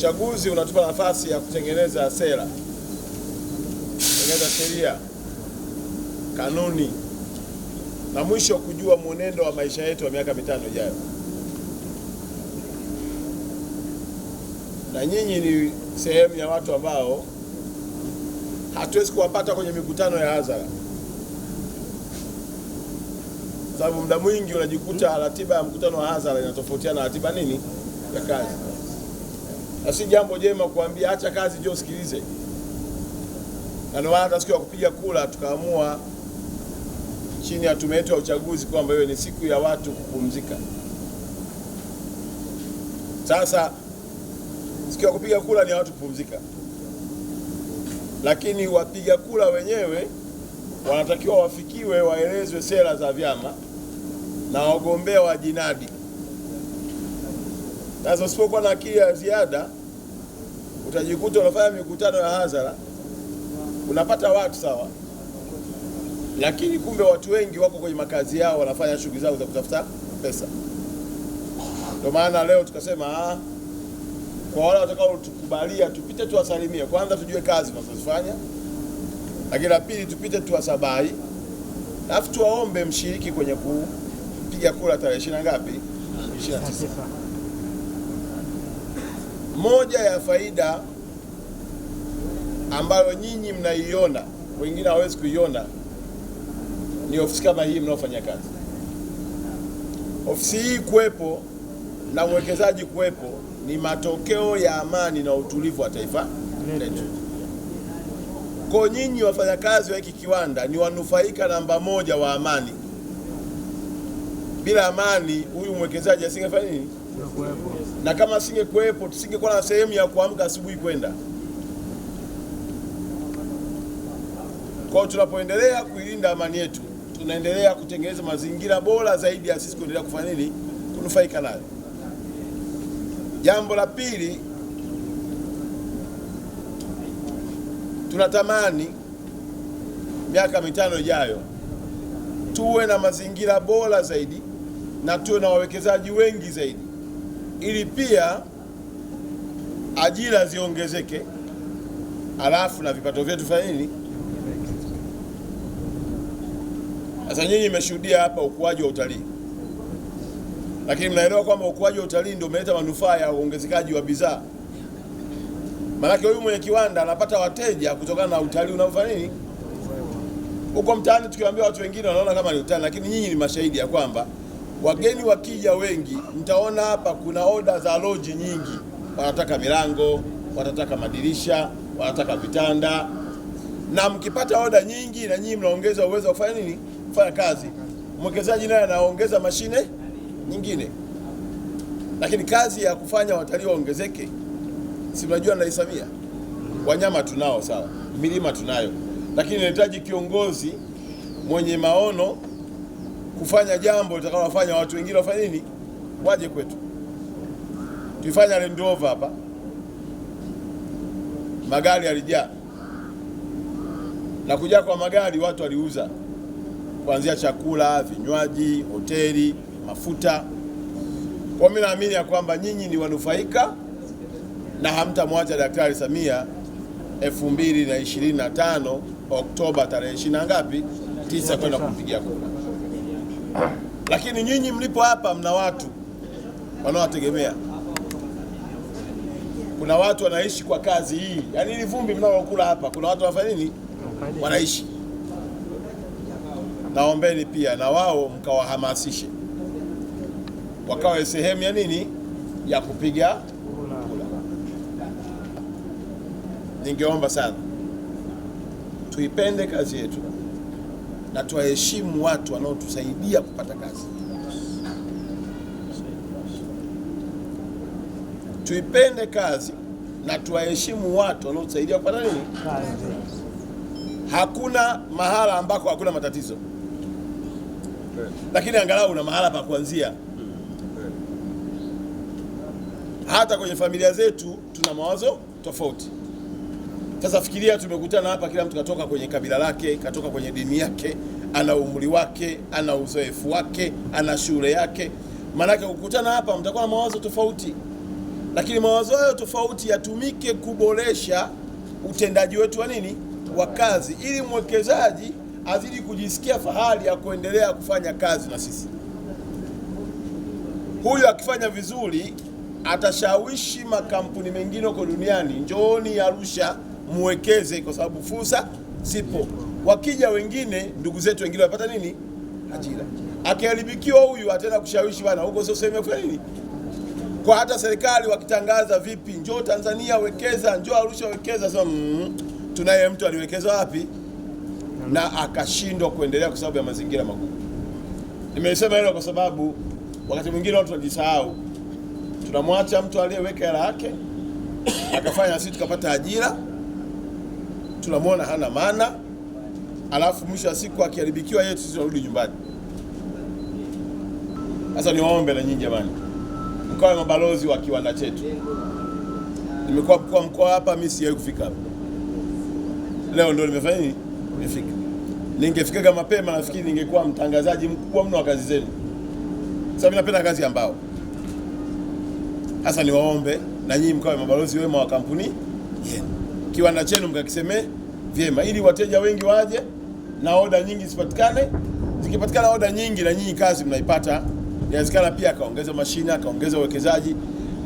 uchaguzi unatupa nafasi ya kutengeneza sera, kutengeneza sheria, kanuni na mwisho kujua mwenendo wa maisha yetu wa miaka mitano ijayo. Na nyinyi ni sehemu ya watu ambao hatuwezi kuwapata kwenye mikutano ya hadhara, sababu muda mwingi unajikuta ratiba ya mkutano wa hadhara inatofautiana na ratiba nini ya kazi na si jambo jema kuambia acha kazi, njoo sikilize. Na ndio maana hata siku ya kupiga kura tukaamua chini ya tume yetu ya uchaguzi kwamba hiyo ni siku ya watu kupumzika. Sasa siku ya kupiga kura ni ya watu kupumzika, lakini wapiga kura wenyewe wanatakiwa wafikiwe, waelezwe sera za vyama na wagombea wajinadi sasa usipokuwa na akili ya ziada utajikuta unafanya mikutano ya hadhara, unapata watu sawa, lakini kumbe watu wengi wako kwenye makazi yao wanafanya shughuli zao za kutafuta pesa. Ndio maana leo tukasema ah, kwa wale watakao tukubalia tupite tuwasalimie kwanza, tujue kazi tunazofanya, lakini la pili tupite tuwasabai, alafu tuwaombe mshiriki kwenye kupiga kura tarehe ishirini na ngapi? 29. Moja ya faida ambayo nyinyi mnaiona, wengine hawawezi kuiona, ni ofisi kama hii mnaofanya kazi. Ofisi hii kuwepo na uwekezaji kuwepo ni matokeo ya amani na utulivu wa taifa letu. Kwa nyinyi wafanyakazi wa hiki kiwanda ni wanufaika namba moja wa amani. Bila amani, huyu mwekezaji asingefanya nini? na kama asingekuwepo tusingekuwa na sehemu ya kuamka asubuhi kwenda kwao. Tunapoendelea kuilinda amani yetu, tunaendelea kutengeneza mazingira bora zaidi ya sisi kuendelea kufanya nini, kunufaika nayo. Jambo la pili, tunatamani miaka mitano ijayo tuwe na mazingira bora zaidi na tuwe na wawekezaji wengi zaidi ili pia ajira ziongezeke, alafu na vipato vyetu fanya nini? Sasa nyinyi mmeshuhudia hapa ukuaji wa utalii, lakini mnaelewa kwamba ukuaji wa utalii ndio umeleta manufaa ya uongezekaji wa bidhaa. Maanake huyu mwenye kiwanda anapata wateja kutokana na utalii unaofanya nini huko mtaani. Tukiwaambia watu wengine wanaona kama ni utani, lakini nyinyi ni mashahidi ya kwamba Wageni wakija wengi, mtaona hapa kuna oda za loji nyingi, wanataka milango, wanataka madirisha, wanataka vitanda, na mkipata oda nyingi na nyinyi mnaongeza uwezo wa kufanya nini, kufanya kazi. Mwekezaji naye anaongeza mashine nyingine, lakini kazi ya kufanya watalii waongezeke, si mnajua Rais wanyama tunao, sawa, milima tunayo, lakini inahitaji kiongozi mwenye maono kufanya jambo litakalofanya watu wengine wafanye nini, waje kwetu. tuifanya Land Rover hapa, magari yalijaa, na kujaa kwa magari watu waliuza, kuanzia chakula, vinywaji, hoteli, mafuta. Kwa mimi naamini ya kwamba nyinyi ni wanufaika na hamtamwacha Daktari Samia 2025 Oktoba tarehe 20 ngapi? 9 kwenda kumpigia kura lakini nyinyi mlipo hapa mna watu wanaowategemea. Kuna watu wanaishi kwa kazi hii, yaani hili vumbi mnalokula hapa, kuna watu wanafanya nini, wanaishi. Naombeni pia na wao mkawahamasishe wakawe sehemu ya nini ya kupiga kula. Ningeomba sana tuipende kazi yetu na tuwaheshimu watu wanaotusaidia kupata kazi. Tuipende kazi na tuwaheshimu watu wanaotusaidia kupata nini? Kazi. Hakuna mahala ambako hakuna matatizo, lakini angalau una mahala pa kuanzia. Hata kwenye familia zetu tuna mawazo tofauti sasa fikiria, tumekutana hapa, kila mtu katoka kwenye kabila lake, katoka kwenye dini yake, ana umri wake, ana uzoefu wake, ana shule yake. Maanake kukutana hapa, mtakuwa na mawazo tofauti, lakini mawazo hayo tofauti yatumike kuboresha utendaji wetu wa nini, wa kazi, ili mwekezaji azidi kujisikia fahari ya kuendelea kufanya kazi na sisi. Huyu akifanya vizuri atashawishi makampuni mengine huko duniani, njooni Arusha muwekeze, kwa sababu fursa zipo. Wakija wengine, ndugu zetu wengine wapata nini? Ajira. Akiharibikiwa huyu, atenda kushawishi bana, huko sio sehemu ya kufanya nini. Kwa hata serikali wakitangaza vipi, njoo Tanzania wekeza, njoo Arusha wekeza, sema mm, tunaye mtu aliwekeza wapi na akashindwa kuendelea kwa sababu ya mazingira magumu. Nimesema hilo kwa sababu wakati mwingine watu wajisahau, tunamwacha mtu aliyeweka hela yake akafanya, sisi tukapata ajira tunamwona hana maana, alafu mwisho wa siku akiharibikiwa yeye, sisi tunarudi nyumbani. Sasa niwaombe na nyinyi jamani, mkawe mabalozi wa kiwanda chetu. Nimekuwa mkuu wa mkoa hapa, mimi sijawahi kufika hapa, leo ndio nimefanya nini, nimefika. Ningefikaga mapema, nafikiri ningekuwa mtangazaji mkubwa mno wa kazi zenu. Sasa mimi napenda kazi ambao sasa niwaombe na nyinyi mkawe mabalozi wema wa kampuni yenu kiwanda chenu mkakisemee vyema, ili wateja wengi waje na oda nyingi zipatikane. Zikipatikana oda nyingi, na nyinyi kazi mnaipata. Inawezekana pia akaongeza mashine, akaongeza uwekezaji,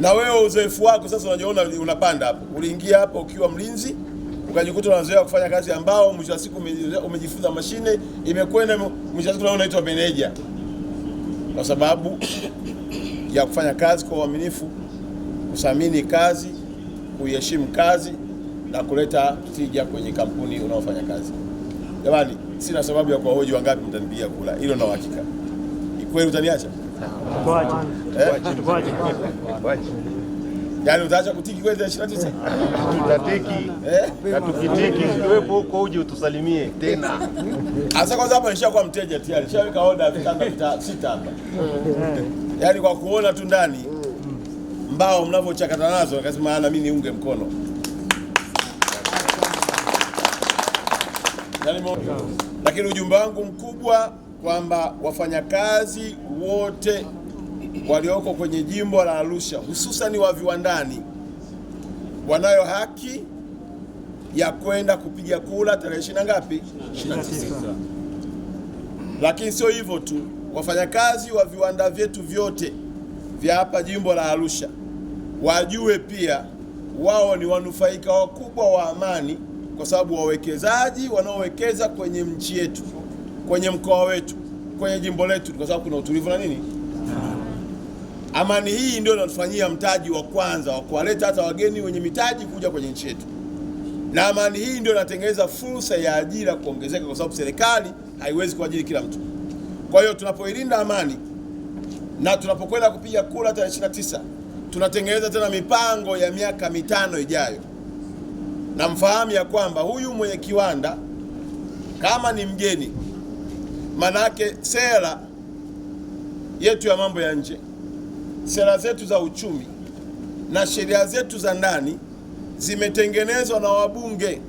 na wewe uzoefu wako sasa unajiona unapanda hapo. Uliingia hapo ukiwa mlinzi, ukajikuta unazoea kufanya kazi ambao mwisho wa siku umejifunza mashine, imekwenda mwisho wa siku unaitwa meneja, kwa sababu ya kufanya kazi kwa uaminifu, kusamini kazi, kuiheshimu kazi na kuleta tija kwenye kampuni unaofanya kazi. Jamani, sina sababu ya kuwahoji wangapi mtanipigia kula, hilo na uhakika. Ni kweli utaniacha? Eh? Yaani utaacha kutiki kweli tarehe ishirini na tisa? Tutatiki. Eh? Na tukitiki ukiwepo huko uje utusalimie tena. Asa kwanza hapa nishakuwa mteja tayari. Nishaweka order vitanda vitatu sita hapa. Eh. Yaani kwa kuona tu ndani mm. mbao mnavyochakata nazo akasema ana mimi niunge mkono. lakini ujumbe wangu mkubwa kwamba wafanyakazi wote walioko kwenye jimbo la Arusha hususani wa viwandani wanayo haki ya kwenda kupiga kura tarehe ishirini na ngapi? 29. Lakini sio hivyo tu, wafanyakazi wa viwanda vyetu vyote vya hapa jimbo la Arusha wajue pia wao ni wanufaika wakubwa wa amani kwa sababu wawekezaji wanaowekeza kwenye nchi yetu, kwenye mkoa wetu, kwenye jimbo letu, kwa sababu kuna utulivu na nini. Ah. Amani hii ndio inatufanyia mtaji wa kwanza wa kuwaleta hata wageni wenye mitaji kuja kwenye nchi yetu, na amani hii ndio inatengeneza fursa ya ajira kuongezeka, kwa sababu serikali haiwezi kuajiri kila mtu. Kwa hiyo tunapoilinda amani na tunapokwenda kupiga kura tarehe 29 tunatengeneza tena mipango ya miaka mitano ijayo na mfahamu ya kwamba huyu mwenye kiwanda kama ni mgeni, manake sera yetu ya mambo ya nje, sera zetu za uchumi na sheria zetu za ndani zimetengenezwa na wabunge.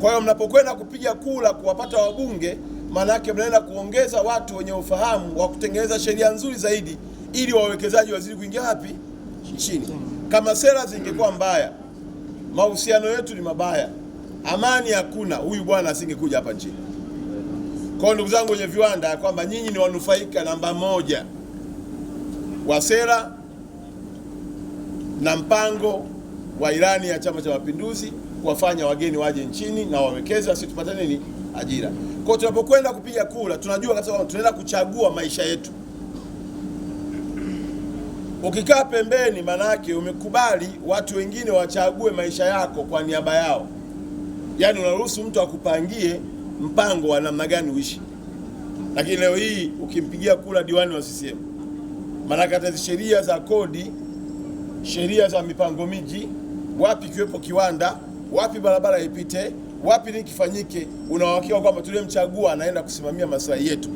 Kwa hiyo mnapokwenda kupiga kura kuwapata wabunge, manake mnaenda kuongeza watu wenye ufahamu wa kutengeneza sheria nzuri zaidi, ili wawekezaji wazidi kuingia wapi? Nchini. Kama sera zingekuwa mbaya, mahusiano yetu ni mabaya, amani hakuna, huyu bwana asingekuja hapa nchini. Kwa ndugu zangu wenye viwanda, ya kwamba nyinyi ni wanufaika namba moja wa sera na mpango wa ilani ya Chama cha Mapinduzi kuwafanya wageni waje nchini na wawekeze, sisi tupate nini? Ajira. Kwa tunapokwenda kupiga kura, tunajua kabisa tunaenda kuchagua maisha yetu. Ukikaa pembeni, yake umekubali watu wengine wachague maisha yako kwa niaba yao, yaani unaruhusu mtu akupangie mpango wa namna gani uishi. Lakini leo hii ukimpigia kura diwani wa CCM, manake kata sheria za kodi, sheria za mipango miji, wapi kiwepo kiwanda, wapi barabara ipite, wapi nini kifanyike, unawakiwa kwamba tulimchagua anaenda kusimamia maslahi yetu,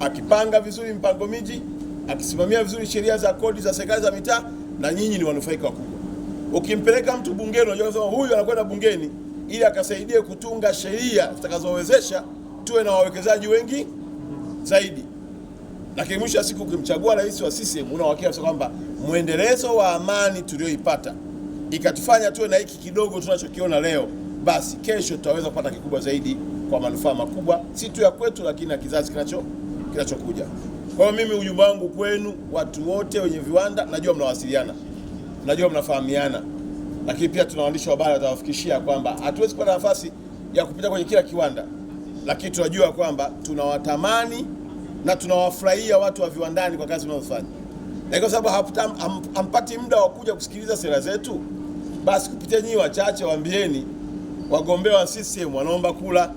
akipanga vizuri mpango miji akisimamia vizuri sheria za kodi za serikali za mitaa, na nyinyi ni wanufaika wakubwa. Ukimpeleka mtu bungeni, unajua kusema huyu anakwenda bungeni ili akasaidie kutunga sheria zitakazowezesha tuwe na wawekezaji wengi zaidi, lakini mwisho wa siku ukimchagua rais wa CCM unawakisha kwamba mwendelezo wa amani tulioipata ikatufanya tuwe na hiki kidogo tunachokiona leo, basi kesho tutaweza kupata kikubwa zaidi kwa manufaa makubwa si tu ya kwetu, lakini na kizazi kinachokuja. Kwa hiyo mimi ujumbe wangu kwenu, watu wote wenye viwanda, najua mnawasiliana, najua mnafahamiana, lakini pia tuna waandishi wa habari watawafikishia kwamba hatuwezi kupata nafasi ya kupita kwenye kila kiwanda, lakini tunajua kwamba tunawatamani na tunawafurahia watu wa viwandani kwa kazi mnazofanya, na kwa sababu hampati muda wa kuja kusikiliza sera zetu, basi kupitia nyinyi wachache waambieni wagombea wa CCM wanaomba kula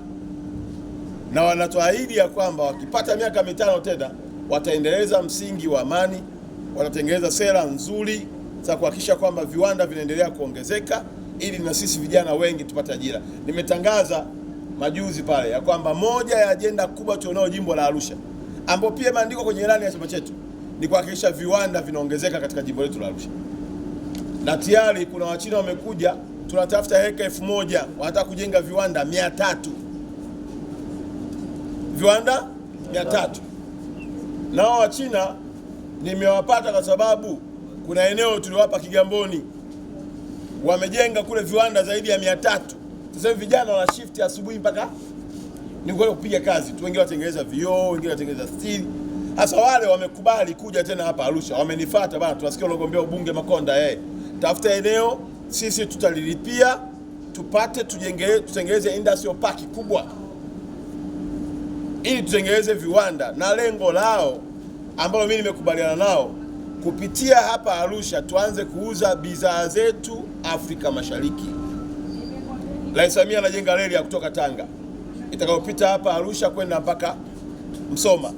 na wanatuahidi ya kwamba wakipata miaka mitano tena wataendeleza msingi wa amani, watatengeneza sera nzuri za kuhakikisha kwamba viwanda vinaendelea kuongezeka ili na sisi vijana wengi tupate ajira. Nimetangaza majuzi pale ya kwamba moja ya ajenda kubwa tunayo jimbo la Arusha, ambapo pia imeandikwa kwenye ilani ya chama chetu, ni kuhakikisha viwanda vinaongezeka katika jimbo letu la Arusha, na tayari kuna Wachina wamekuja, tunatafuta heka elfu moja wanataka kujenga viwanda mia tatu viwanda mia tatu na wa Wachina nimewapata kwa sababu kuna eneo tuliwapa Kigamboni, wamejenga kule viwanda zaidi ya mia tatu. Sasa hivi vijana wana shift asubuhi mpaka ni kwenda kupiga kazi tu, wengine watengeneza vioo, wengine watengeneza stili. Hasa wale wamekubali kuja tena hapa Arusha, wamenifuata bana, tunasikia unagombea ubunge Makonda, eh, tafuta eneo, sisi tutalilipia, tupate tujenge, tutengeneze industrial park kubwa ili tutengeneze viwanda, na lengo lao ambalo mimi nimekubaliana nao kupitia hapa Arusha tuanze kuuza bidhaa zetu Afrika Mashariki. Rais Samia anajenga reli ya kutoka Tanga itakayopita hapa Arusha kwenda mpaka Msoma.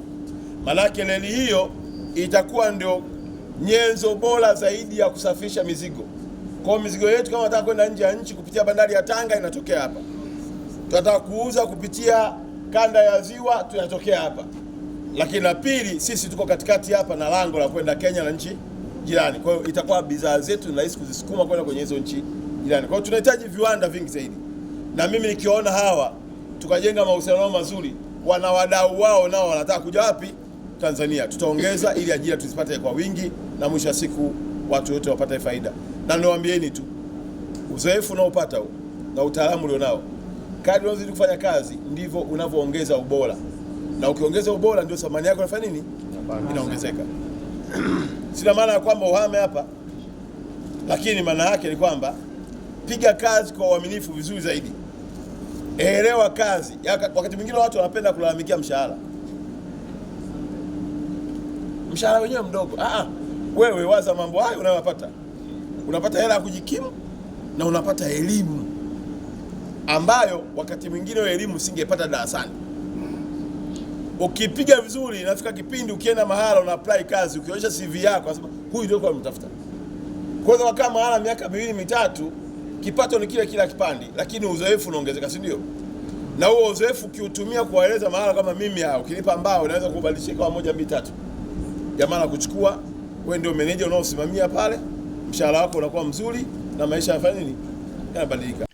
Manake reli hiyo itakuwa ndio nyenzo bora zaidi ya kusafirisha mizigo. Kwa hiyo mizigo yetu kama nataka kwenda nje ya nchi kupitia bandari ya Tanga inatokea hapa, tunataka kuuza kupitia kanda ya ziwa tunatokea hapa, lakini la pili sisi tuko katikati hapa na lango la kwenda Kenya na nchi jirani. Kwa hiyo itakuwa bidhaa zetu ni rahisi kuzisukuma kwenda kwenye hizo nchi jirani. Kwa hiyo tunahitaji viwanda vingi zaidi, na mimi nikiona hawa tukajenga mahusiano mazuri, wana wadau wao nao wanataka kuja wapi? Tanzania. Tutaongeza ili ajira tuzipate kwa wingi, na mwisho wa siku watu wote wapate faida. Na niwaambieni tu uzoefu unaopata na utaalamu ulionao kadri unazidi kufanya kazi ndivyo unavyoongeza ubora, na ukiongeza ubora ndio thamani yako inafanya nini? Inaongezeka. Sina maana ya kwamba uhame hapa, lakini maana yake ni kwamba piga kazi kwa uaminifu vizuri zaidi, elewa kazi. Wakati mwingine watu wanapenda kulalamikia mshahara, mshahara wenyewe mdogo. Ah, ah, wewe waza mambo hayo unayopata, unapata hela ya kujikimu na unapata elimu ambayo wakati mwingine wa elimu usingepata darasani. Ukipiga vizuri, inafika kipindi ukienda mahala una apply kazi, ukionyesha CV yako unasema huyu ndio kwa mtafuta. Kwa hiyo kama mahala miaka miwili mitatu, kipato ni kile kila kipande, lakini uzoefu unaongezeka, si ndio? Na huo uzoefu ukiutumia kuwaeleza mahala kama mimi hao, ukilipa mbao unaweza kubadilishika kwa moja mbili tatu, jamaa anakuchukua wewe, ndio meneja unaosimamia pale, mshahara wako unakuwa mzuri na maisha yanafanya nini, yanabadilika.